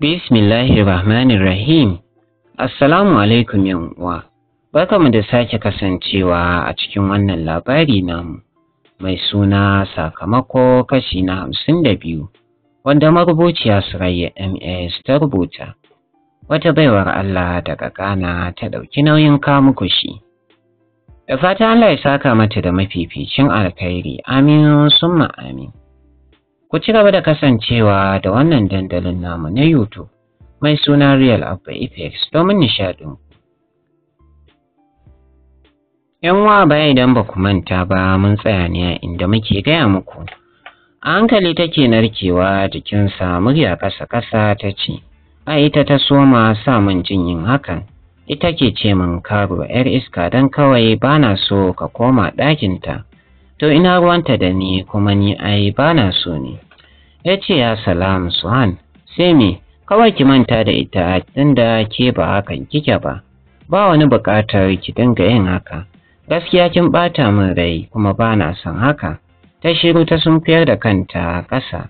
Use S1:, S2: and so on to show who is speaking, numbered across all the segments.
S1: Bismillahirrahmanirrahim. Assalamu alaikum uwa. mu da sake kasancewa a cikin wannan labari namu mai suna sakamako kashi na hamsin da biyu wanda marubuciya Surayya MS ta rubuta. Wata baiwar Allah daga Ghana ta ɗauki nauyin kamuku shi. Da fatan Allah ya saka mata da mafificin alkhairi. Amin summa amin. Ku ci gaba da kasancewa da wannan dandalin namu na YouTube mai suna Real Abba Apex domin yan wa baya idan ba ku manta ba mun tsaya ne inda muke gaya muku. A hankali take narkewa jikinsa murya ƙasa-ƙasa ta ce, A ita ta soma sa mun jin yin hakan. ita ke ce min karo ‘yar iska don kawai ba na so ka koma ɗakinta. to ina ruwanta da ni kuma ni ai ba na so ne ya ce ya salam suhan sai me kawai ki manta da ita tunda ke ba hakan kike ba ba wani buƙatar ki dinga yin haka gaskiya kin bata min rai kuma ba na son haka ta shiru ta sunkuyar da kanta ƙasa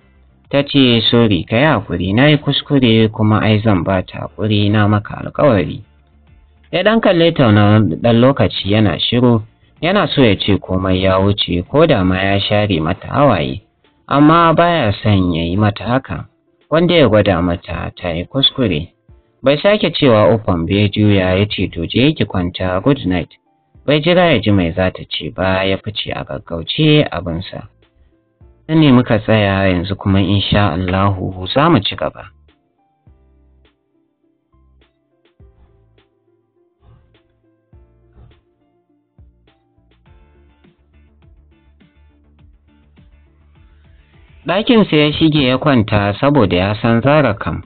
S1: ta ce sori ka yi haƙuri na yi kuskure kuma ai zan ba ta haƙuri na maka alƙawari ya ɗan kalle ta ɗan lokaci yana shiru yana so ya ce komai ya wuce ko da ma ya share mata hawaye amma baya son ya yi mata haka wanda ya gwada mata ta yi kuskure bai sake cewa ofan bai ya ce to je ki kwanta good night bai jira ya ji mai zata ce ba ya fice a gaggauce abinsa. Nan ne muka tsaya yanzu kuma insha Allahu za mu ci gaba. ɗakinsa ya shige ya kwanta saboda ya san zara kam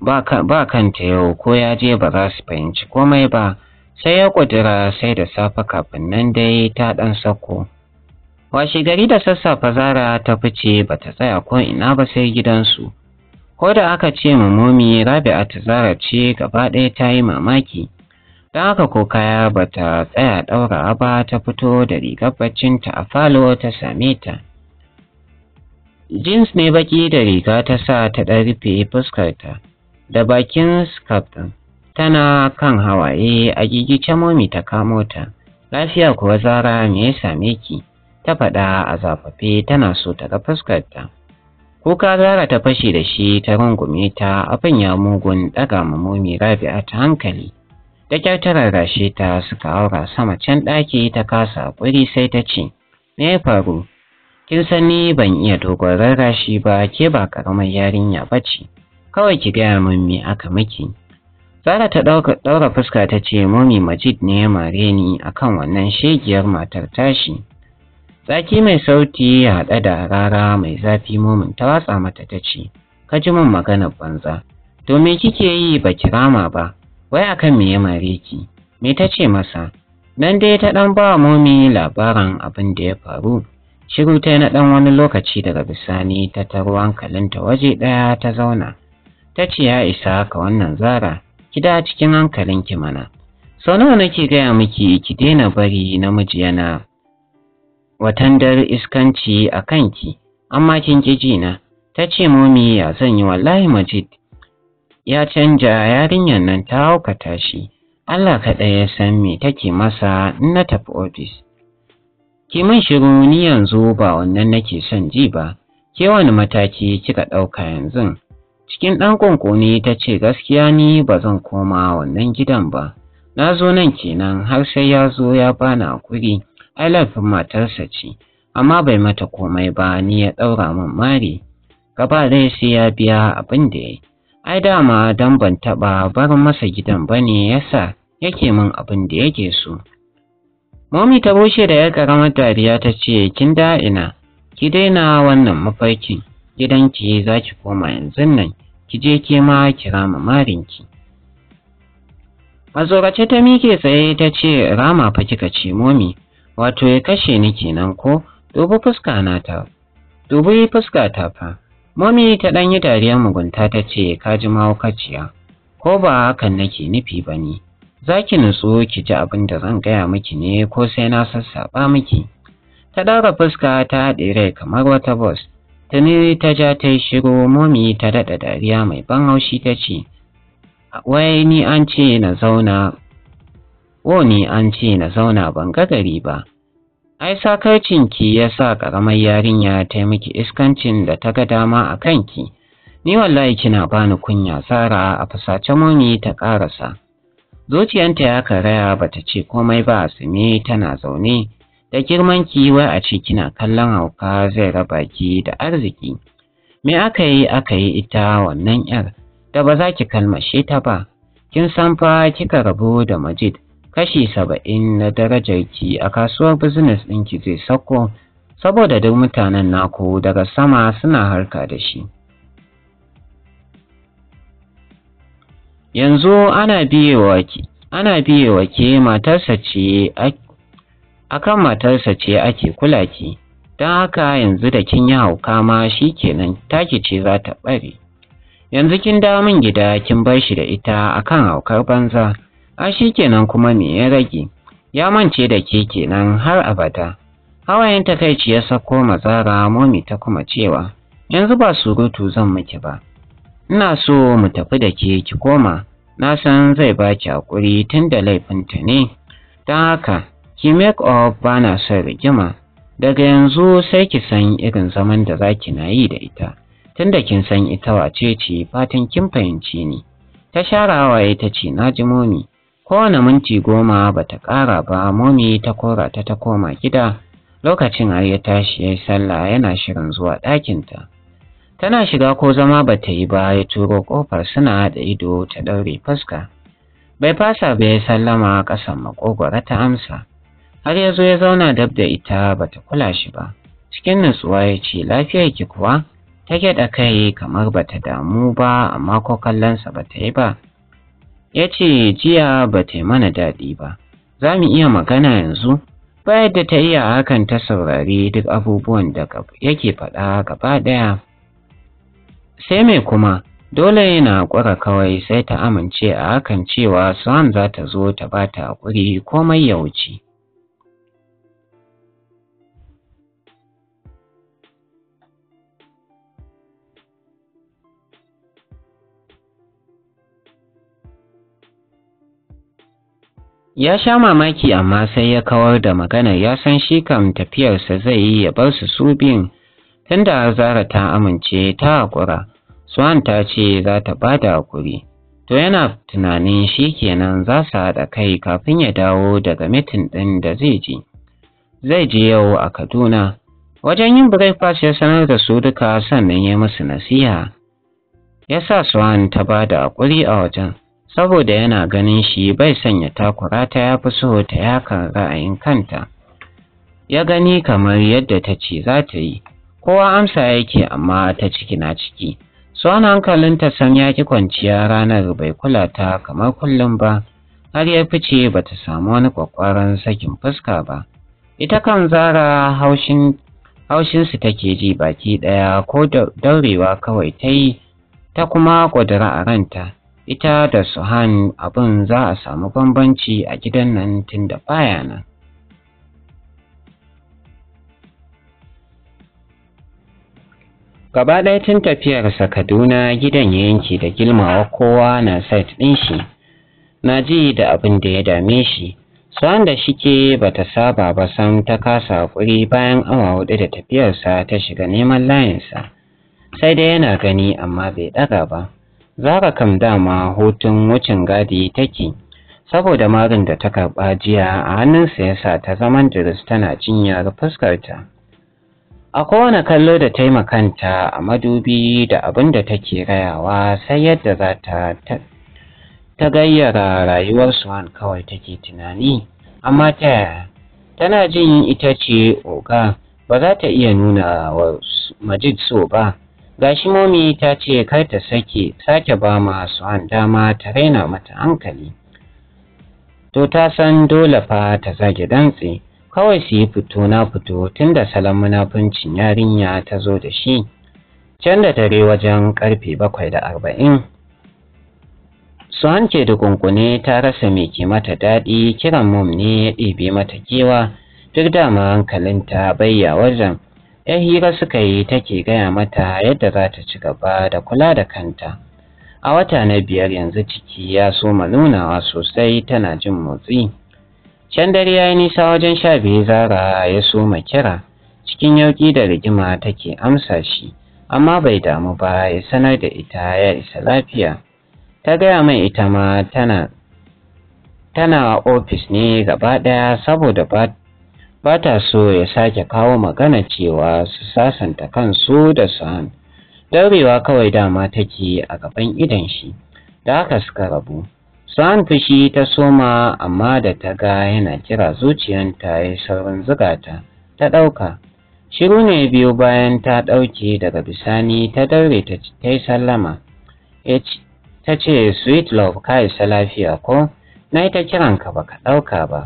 S1: ba kanta yau ko ya je ba za su fahimci komai ba sai ya ƙudura sai da safe kafin nan dai ta ɗan sako washe gari da sassafe zara ta fice ba ta tsaya ko ina ba sai gidansu ko da aka ce mamomi rabi'a ta zara ce gaba ɗaya ta yi mamaki don haka ko kaya ba ta tsaya ɗaura ba ta fito da rigar baccinta a falo ta same ta jeans ne baki da riga ta sa ta ɗan rufe fuskarta da bakin skaftin tana kan hawaye a gigice momi ta kamo ta lafiya kuwa zara me ya same ki ta faɗa a zafafe tana so ta ga fuskarta kuka zara ta fashe da shi ta rungume ta abin ya mugun ɗaga ma momi rabi'a ta hankali da kyar ta rarrashe ta suka aura sama can ɗaki ta kasa haƙuri sai ta ce me ya faru kin san ni ban iya dogon rarrashi ba ke ba karamar yarinya ba ce kawai ki gaya min me aka miki zara ta ɗaura fuska ta ce momi Majid ne ya mare ni akan wannan shegiyar matar tashi Zaki mai sauti ya haɗa da rara mai zafi momin ta watsa mata ta ce ka ji min maganar banza to me kike yi ba ki rama ba wai akan me ya mare ki me ta ce masa nan dai ta ɗan ba momi labarin abin da ya faru Shiru ta na ɗan wani lokaci daga bisani ta taro hankalinta waje ɗaya ta zauna. Ta ce ya isa ka wannan zara, ki da cikin ki mana. Sau nawa nake gaya miki ki daina bari namiji yana watandar iskanci a kanki, amma kin ƙi na Ta ce momi ya zan yi wallahi majid. Ya canja yarinyar nan ta haukata shi. Allah kaɗai ya san me take masa in na tafi ofis. ki min shiru ni yanzu ba wannan nake son ji ba ke wani mataki kika ɗauka yanzu cikin ɗan kunkuni ta ce gaskiya ni ba zan koma wannan gidan ba na zo nan kenan har sai ya zo ya bani hakuri ai laifin matarsa ce amma bai mata komai ba ni ya ɗaura min mari gaba dai sai ya biya abin da ya yi ai dama don ban taɓa barin masa gidan ba ne yasa yake min abin da yake so Momi ta bushe da ya ƙaramar dariya ta ce, Kin da ina, ki daina wannan mafarkin, gidanki za ki koma yanzu nan, ki je ke ma kira marinki. Mazorace ta mike tsaye ta ce, Rama fa kika ce Mami, wato ya kashe ni kenan ko, dubi fuska na ta, dubi fuska ta fa. Momi ta ɗan yi dariyar mugunta ta ce, Ka ji mahaukaciya, ko ba hakan nake nufi ba ne. za ki nutsu ki ji abin da zan gaya miki ne ko sai na sassaɓa miki ta ɗara fuska ta haɗe rai kamar wata ta ne ta ja ta yi shiru momi ta daɗa dariya mai ban haushi ta ce wai ni an ce na zauna ko ni an ce na zauna ban ga gari ba ai ki ya sa ƙaramar yarinya ta miki iskancin da ta ga dama a kanki ni wallahi kina bani kunya tsara a fusace momi ta ƙarasa zuciyanta ya karaya bata ce komai ba su ne tana zaune da girman ki wai a ce kina kallon hauka zai raba ki da arziki me aka yi aka yi ita wannan yar da ba za ki kalmashe ta ba kin san fa kika rabu da majid kashi saba'in na darajar ki a kasuwar business ɗinki zai sako saboda duk mutanen naku daga sama suna harka da shi yanzu ana biye ki ana ke matarsa ce a kan matarsa ce ake kula ki don haka yanzu da kin yi hauka ma shi kenan taki ce za ta bare yanzu kin da min gida kin bar shi da ita a kan haukar banza a shi kenan kuma me ya rage ya mance da ke kenan har abada hawayen takaici ya sako mazara momi ta kuma cewa yanzu ba surutu zan miki ba ina so mu tafi da ke ki koma na san zai baki haƙuri tun da laifinta ne don haka ki make up ba na son rigima daga yanzu sai ki san irin zaman da za ki na yi da ita tun da kin san ita wace ce fatan kin fahimci ni ta share hawaye ta ce na ji momi kowane minti goma ba ta ƙara ba momi ta kora ta ta koma gida lokacin har ya tashi ya yi sallah yana shirin zuwa ɗakinta. tana shiga ko zama ba ta yi ba ya turo kofar suna da ido ta ɗaure fuska bai fasa bai ya sallama ƙasan makogwara ta amsa har ya zo ya zauna dab da ita ba ta kula shi ba cikin nutsuwa ya ce lafiyar ki kuwa ta gyaɗa kai kamar ba ta damu ba amma ko kallonsa ba ta yi ba ya ce jiya ba ta yi mana daɗi ba za mu iya magana yanzu bayar da ta iya hakan ta saurari duk abubuwan da yake faɗa gaba ɗaya sai mai kuma dole yana haƙura kawai sai ta amince a hakan cewa Swan za ta zo ta ba ta haƙuri komai ya wuce. Ya sha mamaki amma sai ya kawar da maganar ya san shi kam tafiyarsa zai yi ya bar su su biyun Tunda Zara ta amince ta hakura Swan ta ce za ta ba da haƙuri. To yana tunanin shi kenan za su haɗa kai kafin ya dawo daga mitin ɗin da zai je. Zai je yau a Kaduna. Wajen yin breakfast ya sanar da su duka sannan ya musu nasiha. Ya sa Swan ta ba da hakuri a wajen, saboda yana ganin shi bai sanya takura ta ya fi so ta yakan ra'ayin kanta. Ya gani kamar yadda ta ce za ta yi. kowa amsa yake amma ta ciki na ciki son hankalinta ta ya ki kwanciya ranar bai kula ta kamar kullum ba har ya fice ba ta samu wani kwakwaran sakin fuska ba ita kan zara haushin haushinsu take ji baki ɗaya ko daurewa kawai ta yi ta kuma ƙudura a ranta ita da suhan abin za a samu bambanci a gidan nan tun da baya nan gaba ɗaya tun tafiyarsa kaduna gidan ya yanke da gilmawa kowa na site ɗin shi na ji da abin da ya dame shi sa'an da shike bata saba ba sam ta kasa haƙuri bayan awa huɗu da tafiyarsa ta shiga neman layinsa sai dai yana gani amma bai ɗaga ba zara kam dama hutun wucin gadi take saboda marin da ta karɓa jiya a hannunsa ya sa ta zaman jiris tana jinyar fuskarta a kowane kallo da taimakanta a madubi da abin da take rayawa sai yadda za ta ta gayyara rayuwar Suhan kawai take tunani amma ta tana jin ita ce oga ba za ta iya nuna wa Majid so ba gashi momi ta ce kar ta sake sake ba ma Suhan dama ta raina mata hankali to ta san dole fa ta zage dantse kawai su yi fito na fito tun da salon munafuncin yarinya ta zo da shi can da dare wajen karfe bakwai da arba'in su hanke da kunkune ta rasa mai ke mata daɗi kiran mum ne ya ɗebe mata kewa duk dama hankalinta bayya wajen ya hira suka yi take gaya mata yadda za ta ci gaba da kula da kanta a wata na biyar yanzu ciki ya soma nunawa sosai tana jin motsi can dare ya yi nisa wajen sha biyu zara ya soma kira cikin yauƙi da rigima take amsa shi amma bai damu ba ya sanar da ita ya isa lafiya ta gaya mai ita ma tana tana ofis ne gaba ɗaya saboda ba ta so ya sake kawo magana cewa su sasanta kansu da sa'an daurewa kawai dama take a gaban idon shi da haka suka rabu sa'an fushi ta soma amma da ta ga yana kira zuciyanta ya saurin zugata ta ɗauka shiru ne biyu bayan ta ɗauke daga bisani ta daure ta yi sallama ta ce sweet love ka isa lafiya ko na yi ta kiranka ba ka ɗauka ba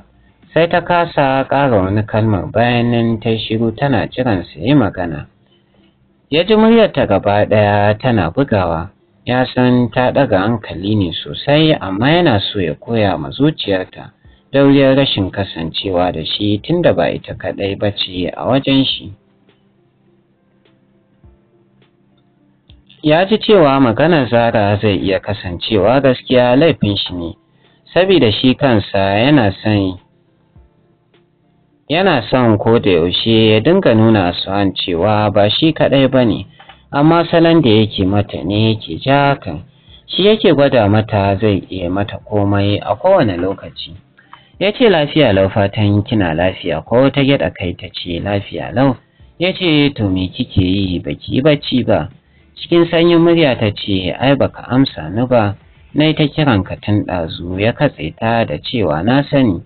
S1: sai ta kasa ƙara wani kalmar bayanin ta shiru tana jiran su yi magana ya ji muryarta gaba ɗaya tana bugawa ya san ta ɗaga hankali ne sosai amma yana so ya koya ma zuciyarta dauriyar rashin kasancewa da shi tunda ba ita kaɗai ba ce a wajen shi ya ji cewa maganar zara zai iya kasancewa gaskiya laifin shi ne sabida shi kansa yana son yana son ko da yaushe ya dinga nuna su cewa ba shi kaɗai ba ne amma salon da yake mata ne yake ja kan shi yake gwada mata zai iya mata komai a kowane lokaci ya ce lafiya lau fatan kina lafiya ko ta gyaɗa kai ta ce lafiya lau ya ce to me kike yi baki bacci ba cikin sanyin murya ta ce ai baka amsa ni ba na ta kiran ka tun ɗazu ya katse ta da cewa na sani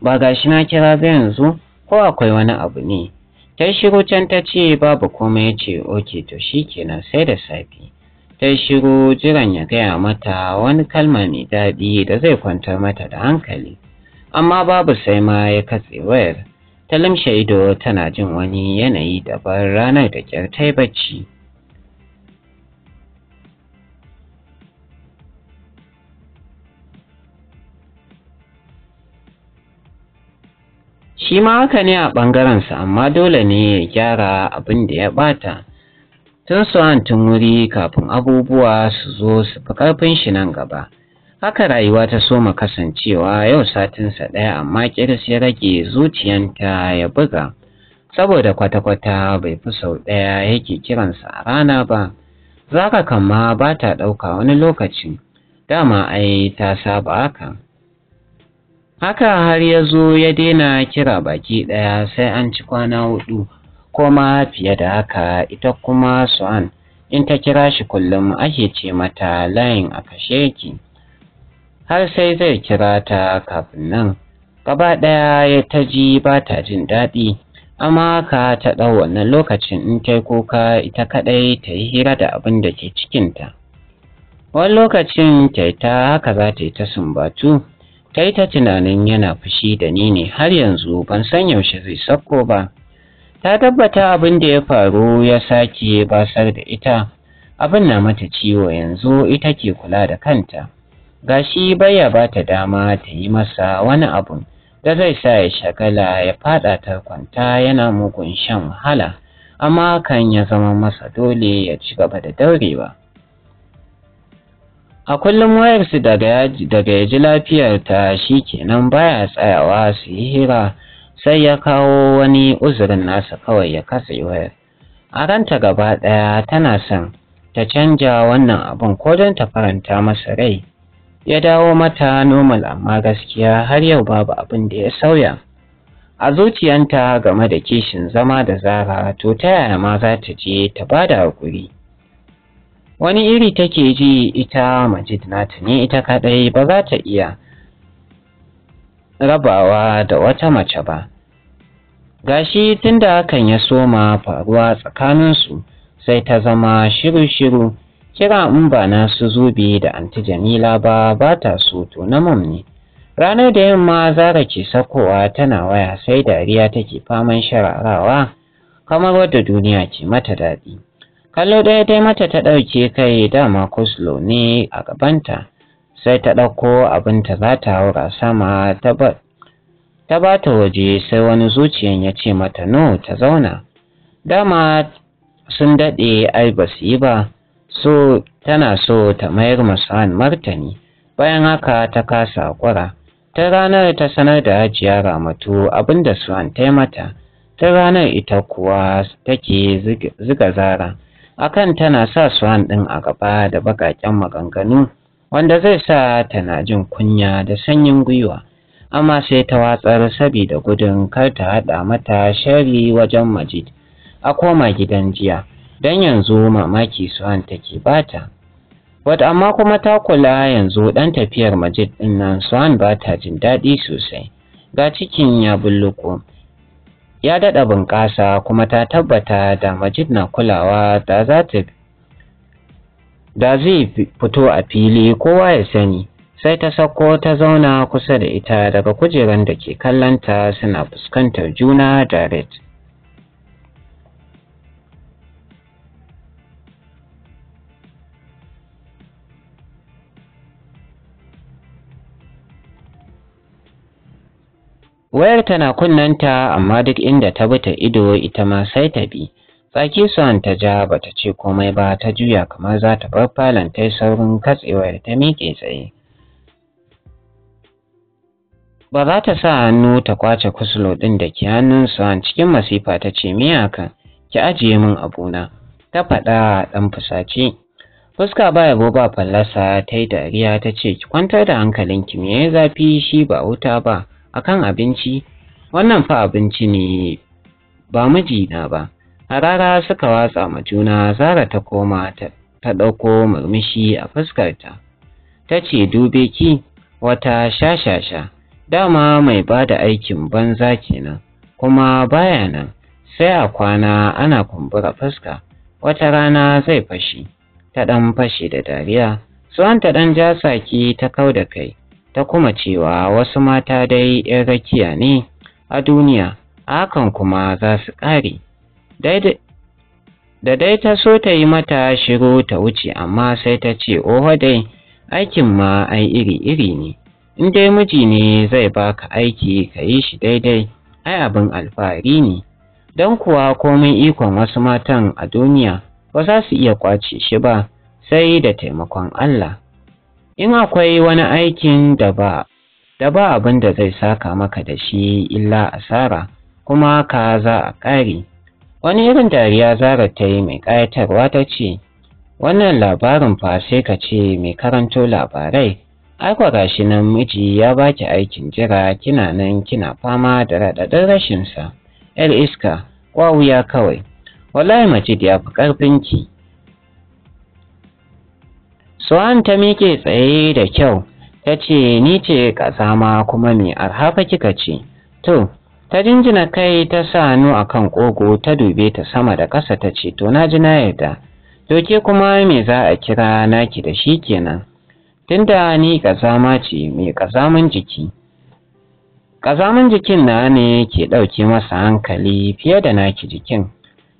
S1: ba gashi na kira ba yanzu ko akwai wani abu ne ta shiru can ta ce babu komai ya ce oke to shi kenan sai da safe ta shiru jiran ya gaya mata wani kalma mai daɗi da zai kwantar mata da hankali amma babu sai ma ya katse wayar ta lamshe ido tana jin wani yanayi daban ranar da kyar ta yi bacci shi ma haka ne a ɓangarensa amma dole ne ya gyara abin da ya ɓata tun su tun wuri kafin abubuwa su zo su fi ƙarfin shi nan gaba haka rayuwa ta soma kasancewa yau satinsa ɗaya amma kiris ya rage zuciyanta ya buga saboda kwata-kwata bai fi sau ɗaya yake kiransa a rana ba Za ka kama ba ta ɗauka wani lokaci dama ai ta saba haka haka har ya zo ya daina kira baki ɗaya sai an ci kwana hudu ko ma fiye da haka ita kuma su'an in ta kira shi kullum ake ce mata layin a kashe ki har sai zai kira ta kafin nan gaba ɗaya ya ta ji ba ta jin daɗi amma ka ta ɗau wannan lokacin in ta yi kuka ita kaɗai ta yi hira da abin da ke cikinta wani lokacin ta ta haka za ta yi ta sumbatu ta yi ta tunanin yana fushi da ni ne har yanzu ban san yaushe zai sako ba ta tabbata abin da ya faru ya sake basar da ita abin na mata ciwo yanzu ita ke kula da kanta gashi baya ba ta dama ta yi masa wani abun da zai sa ya shagala ya fada ta kwanta yana mugun shan wahala amma kan ya zama masa dole ya ci gaba da daurewa a kullum wayarsu daga yaji ji lafiyarta shi kenan baya tsayawa su yi hira sai ya kawo wani uzurin nasa kawai ya kasa yi wayar a ranta gaba ɗaya tana son ta canja wannan abin ko don ta faranta masa rai ya dawo mata normal amma gaskiya har yau babu abin da ya sauya a zuciyanta game da kishin zama da zara to ta yaya ma za ta je ta ba da hakuri wani iri take ji ita majid nata ne ita kadai ba za ta iya rabawa da wata mace ba gashi tunda hakan ya soma faruwa tsakaninsu sai ta zama shiru-shiru kira in ba na su zubi da anti jamila ba ba ta so to na mam ne ranar da yamma zara ke sakowa tana waya sai dariya take faman shararawa kamar wadda duniya ke mata daɗi kallo ɗaya dai mata ta ɗauke kai dama kuslo ne a gabanta sai ta ɗauko abinta za ta haura sama ta ba ta waje sai wani zuciyan ya ce mata no ta zauna dama sun daɗe ai ba su yi ba so tana so ta mayar masu martani bayan haka ta kasa kwara. ta ranar ta sanar da hajiya ramatu abinda su an taimata ta ranar ita kuwa take ziga zara akan tana sa Swan ɗin a gaba da baƙaƙen maganganu wanda zai sa tana jin kunya da sanyin gwiwa amma sai ta watsar sabida gudun kar ta haɗa mata shari wajen majid a koma gidan jiya don yanzu mamaki Swan take bata wata amma kuma ta kula yanzu ɗan tafiyar majid ɗin nan Swan ba ta jin daɗi sosai ga cikin ya bulluko ya daɗa bunƙasa kuma ta tabbata da majid na kulawa da za ta da zai fito a fili kowa ya sani sai ta sako ta zauna kusa da ita daga kujeran da ke kallonta suna fuskantar juna da red. wayar tana kunnanta amma duk inda ta bi ta ido ita ma sai ta bi tsaki son ta ja bata ce komai ba ta juya kamar za ta bar falon ta saurin katsewar ta miƙe tsaye ba za ta sa hannu ta kwace kuslo ɗin da ke hannun son cikin masifa ta ce kan. ki ajiye min abuna ta faɗa a ɗan fusace fuska ba yabo ba fallasa ta yi dariya ta ce ki kwantar da hankalinki me ya zafi shi ba wuta ba akan abinci wannan fa abinci ne ba mijina ba a rara suka watsa ma juna zara ta koma ta ɗauko murmushi a fuskarta ta ce dube ki wata shashasha dama mai ba da aikin banza kenan kuma baya nan sai a kwana ana kumbura fuska wata rana zai fashi ta ɗan fashe da dariya tsohon ta ɗan ja saki ta kau da kai ta kuma cewa wasu mata dai 'yan rakiya ne a duniya hakan kuma za su ƙare da dai ta so ta yi mata shiru ta wuce amma sai ta ce oho dai aikin ma ai iri-iri ne in dai miji ne zai baka aiki ka yi shi daidai ai abin alfahari ne don kuwa komai ikon wasu matan a duniya ba za su iya kwace shi ba sai da taimakon Allah. in akwai wani aikin da ba da ba abin da zai saka maka da shi illa asara kuma ka za a ƙare wani irin dariya zara ta yi mai ƙayatarwa ta ce wannan labarin fa sai ka ce mai karanto labarai Ai gashi nan miji ya baki aikin jira kina nan kina fama da raɗaɗin rashinsa yar iska wuya kawai wallahi da ya fi ƙarfinki Tsohon ta miƙe tsaye da kyau, ta ce ni ce ƙasa ma kuma mai arhafa kika ce. To, ta jinjina kai ta sa hannu a kan ƙogo ta dube ta sama da ƙasa ta ce to na ji na yarda. To ke kuma me za a kira naki da shi kenan. Tunda ni ƙazama ce mai ƙazamin jiki. Ƙazamin jikin na ne ke ɗauke masa hankali fiye da naki jikin.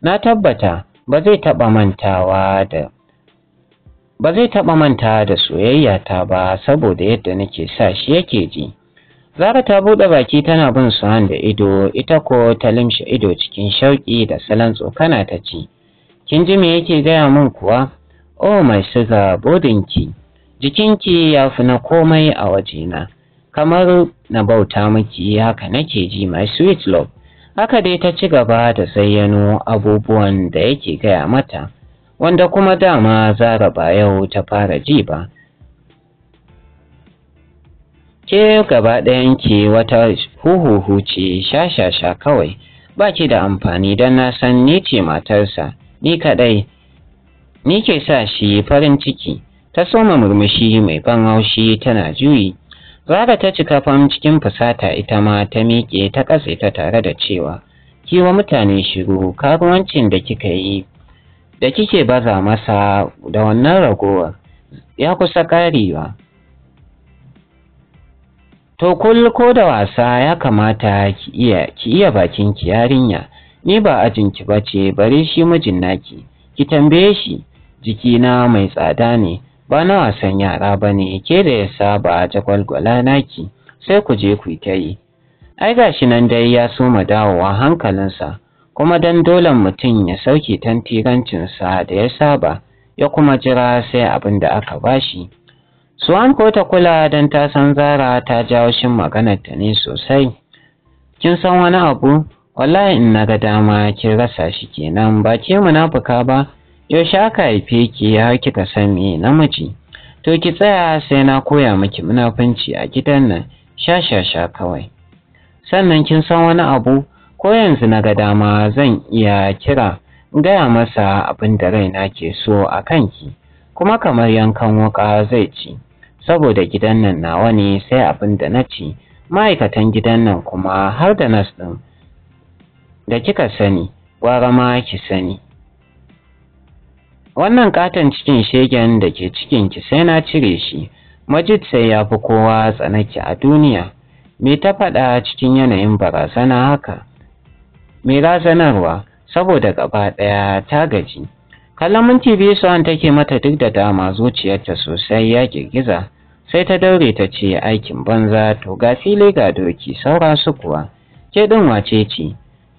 S1: Na tabbata ba zai taɓa mantawa da ba zai taɓa manta da soyayya ta ba saboda yadda nake sa shi yake ji zara ta buɗe baki tana bin su da ido ita ko ta limshe ido cikin shauƙi da salon tsokana ta ci. kin ji me yake gaya min kuwa oh mai siga bodinki jikinki ya fi na komai a waje na. kamar na bauta miki haka nake ji my sweet love haka dai ta ci gaba da zayyano abubuwan da yake gaya mata wanda kuma dama zara ba yau ta fara ji ba. Ke gaba ɗayan ki wata huhuhu ce sha-sha-sha kawai, ba ki da amfani don na san ni ce matarsa, ni kaɗai, ni ke sa shi farin ciki, ta soma murmushi mai ban haushi tana juyi. Zara ta cika fam cikin fusata ita ma ta miƙe ta ƙasa ita tare da cewa, kiwa mutane shiru karuwancin da kika yi da kike baza masa da wannan ragowar ya kusa karewa to kul ko da wasa ya kamata ki iya ki bakin ki yarinya ni ba ajin ki bace bare shi mijin naki ki tambaye shi jikina mai tsada ne ba na wasan yara bane ke da ya saba jagwalgwala naki sai ku je ku yi ta yi ai gashi nan dai ya soma dawowa hankalinsa kuma don dole mutum ya sauke tantirancinsa da ya saba ya kuma jira sai abin da aka bashi. Suwan ko ta kula don ta san Zara ta jawo shin ta ne sosai. Kin san wani abu? Wallahi in na ga dama kin rasa shi kenan ba ke munafuka ba. Yaushe aka haife ki har kika san me namiji? To ki tsaya sai na koya miki munafunci a gidan nan. Sha sha sha kawai. Sannan kin san wani abu? ko yanzu na ga dama zan iya kira gaya masa abin da raina ke so a kanki kuma kamar yankan wuka zai ci saboda gidan nan nawa ne sai abin da na ci ma'aikatan gidan nan kuma har da nas ɗin da kika sani gwara ma ki sani wannan katon cikin shegen da ke cikin ki sai na cire shi majid sai ya fi kowa tsanaki a duniya me ta faɗa cikin yanayin barazana haka mai razanarwa saboda gaba ɗaya ta gaji. Kallon minti biyu sa'an take mata duk da dama zuciyarta sosai ya girgiza sai ta daure ta ce aikin banza to ga fili ga doki saura su kuwa ke ɗin wace ce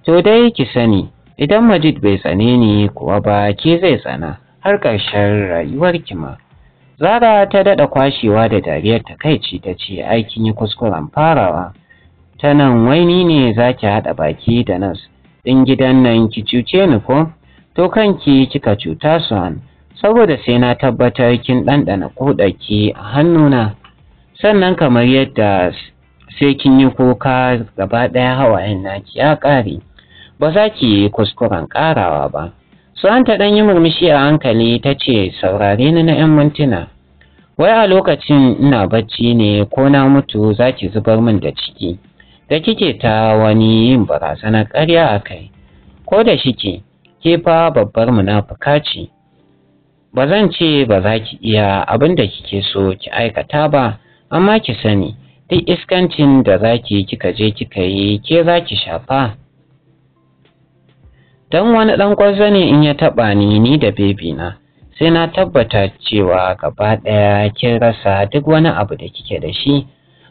S1: to dai ki sani idan majid bai tsane ni kuwa ba ke zai tsana har ƙarshen ki ma. Zara ta daɗa kwashewa da dariyar takaici ta ce aikin yi kuskuren farawa. Ta nan waini ne za ki haɗa baki da nas ɗin gidan nan ki cuce ni ko to kanki kika cuta su an. saboda sai na tabbatar kin ɗanɗana kuɗaki a hannuna sannan kamar yadda sai kin yi kuka gaba ɗaya hawayen naki ya ƙare ba za ki yi kuskuren ƙarawa ba an ta ɗan yi murmushi a hankali ta ce saurare ni na 'yan mintuna wai a lokacin ina bacci ne ko na mutu za ki zubar min da ciki da kike ta wani yin barazanar karya a kai ko da shi ke fa babbar munafuka ce ba zan ce ba za ki iya abin da kike so ki aikata ba amma ki sani duk iskancin da za ki kika je kika yi ke za ki shafa don wani ɗan kwazo ne in ya taɓa ni ni da bebi na sai na tabbata cewa gaba ɗaya kin rasa duk wani abu da kike da shi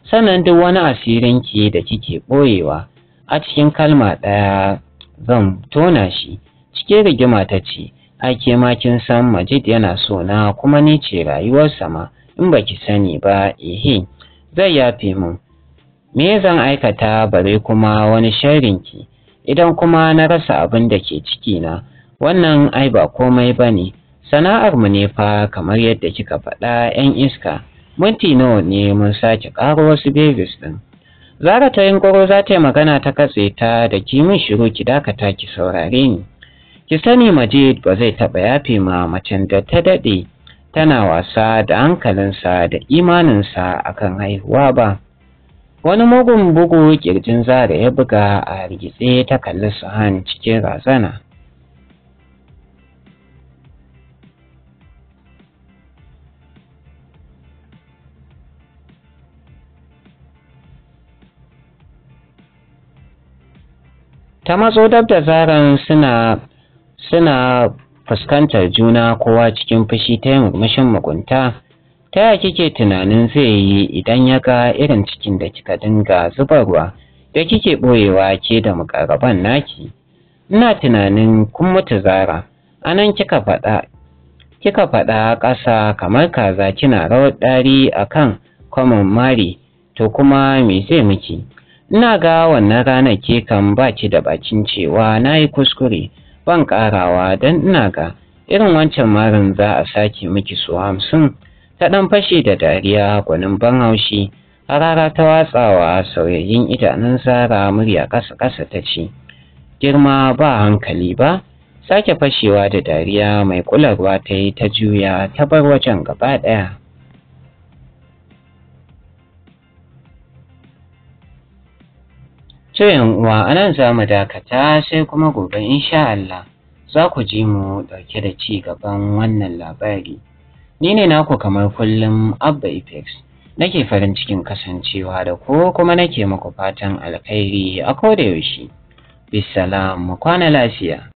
S1: sannan duk wani asirin ki da kike ɓoyewa a cikin kalma ɗaya zan tona shi cike rigima ta ce ake makin kin san majid yana so na kuma ni ce rayuwarsa ma in baki sani ba ehe zai yafe mun me zan aikata bare kuma wani sharrin ki idan kuma na rasa abin da ke ciki na wannan ai ba komai bane sana'ar mu ne fa kamar yadda kika faɗa 'yan iska minti nawa ne mun sake ƙaro wasu babies ɗin zara ta yunkuro za ta yi magana ta katse ta da ki min shiru ki dakata ki saurare ni ki sani majid ba zai taɓa yafe ma macen da ta daɗe tana wasa da hankalinsa da imaninsa akan haihuwa ba wani mugun bugu kirjin zara ya buga a rigitse ta kalli han cikin razana ta matso dab da zaran suna suna fuskantar juna kowa cikin fushi ta yin mashin mugunta ta ya kike tunanin zai yi idan ya ga irin cikin da kika dinga zubarwa da kike ɓoyewa ke da mukarraban naki ina tunanin kun mutu zara anan kika faɗa kika faɗa ƙasa kamar kaza kina rawar ɗari akan Common mari to kuma me zai miki ina ga wannan ranar ke kan ba da bakin cewa na yi kuskure ban ƙarawa, don ina ga irin wancan marin za a sake miki su hamsin ta ɗan fashe da dariya gwanin ban haushi harara ta watsawa sauyayin idanun zara murya ƙasa-ƙasa ta ce girma ba hankali ba sake fashewa da dariya mai kularwa ta yi ta juya ta bar wajen gaba ɗaya To uwa a nan za mu dakata sai kuma gobe insha Allah za ku ji mu ɗauke da ci gaban wannan labari. Ni ne naku kamar kullum Abba nake farin cikin kasancewa da ko kuma nake muku fatan alkhairi a koda yaushe. Bisalam kwana lafiya.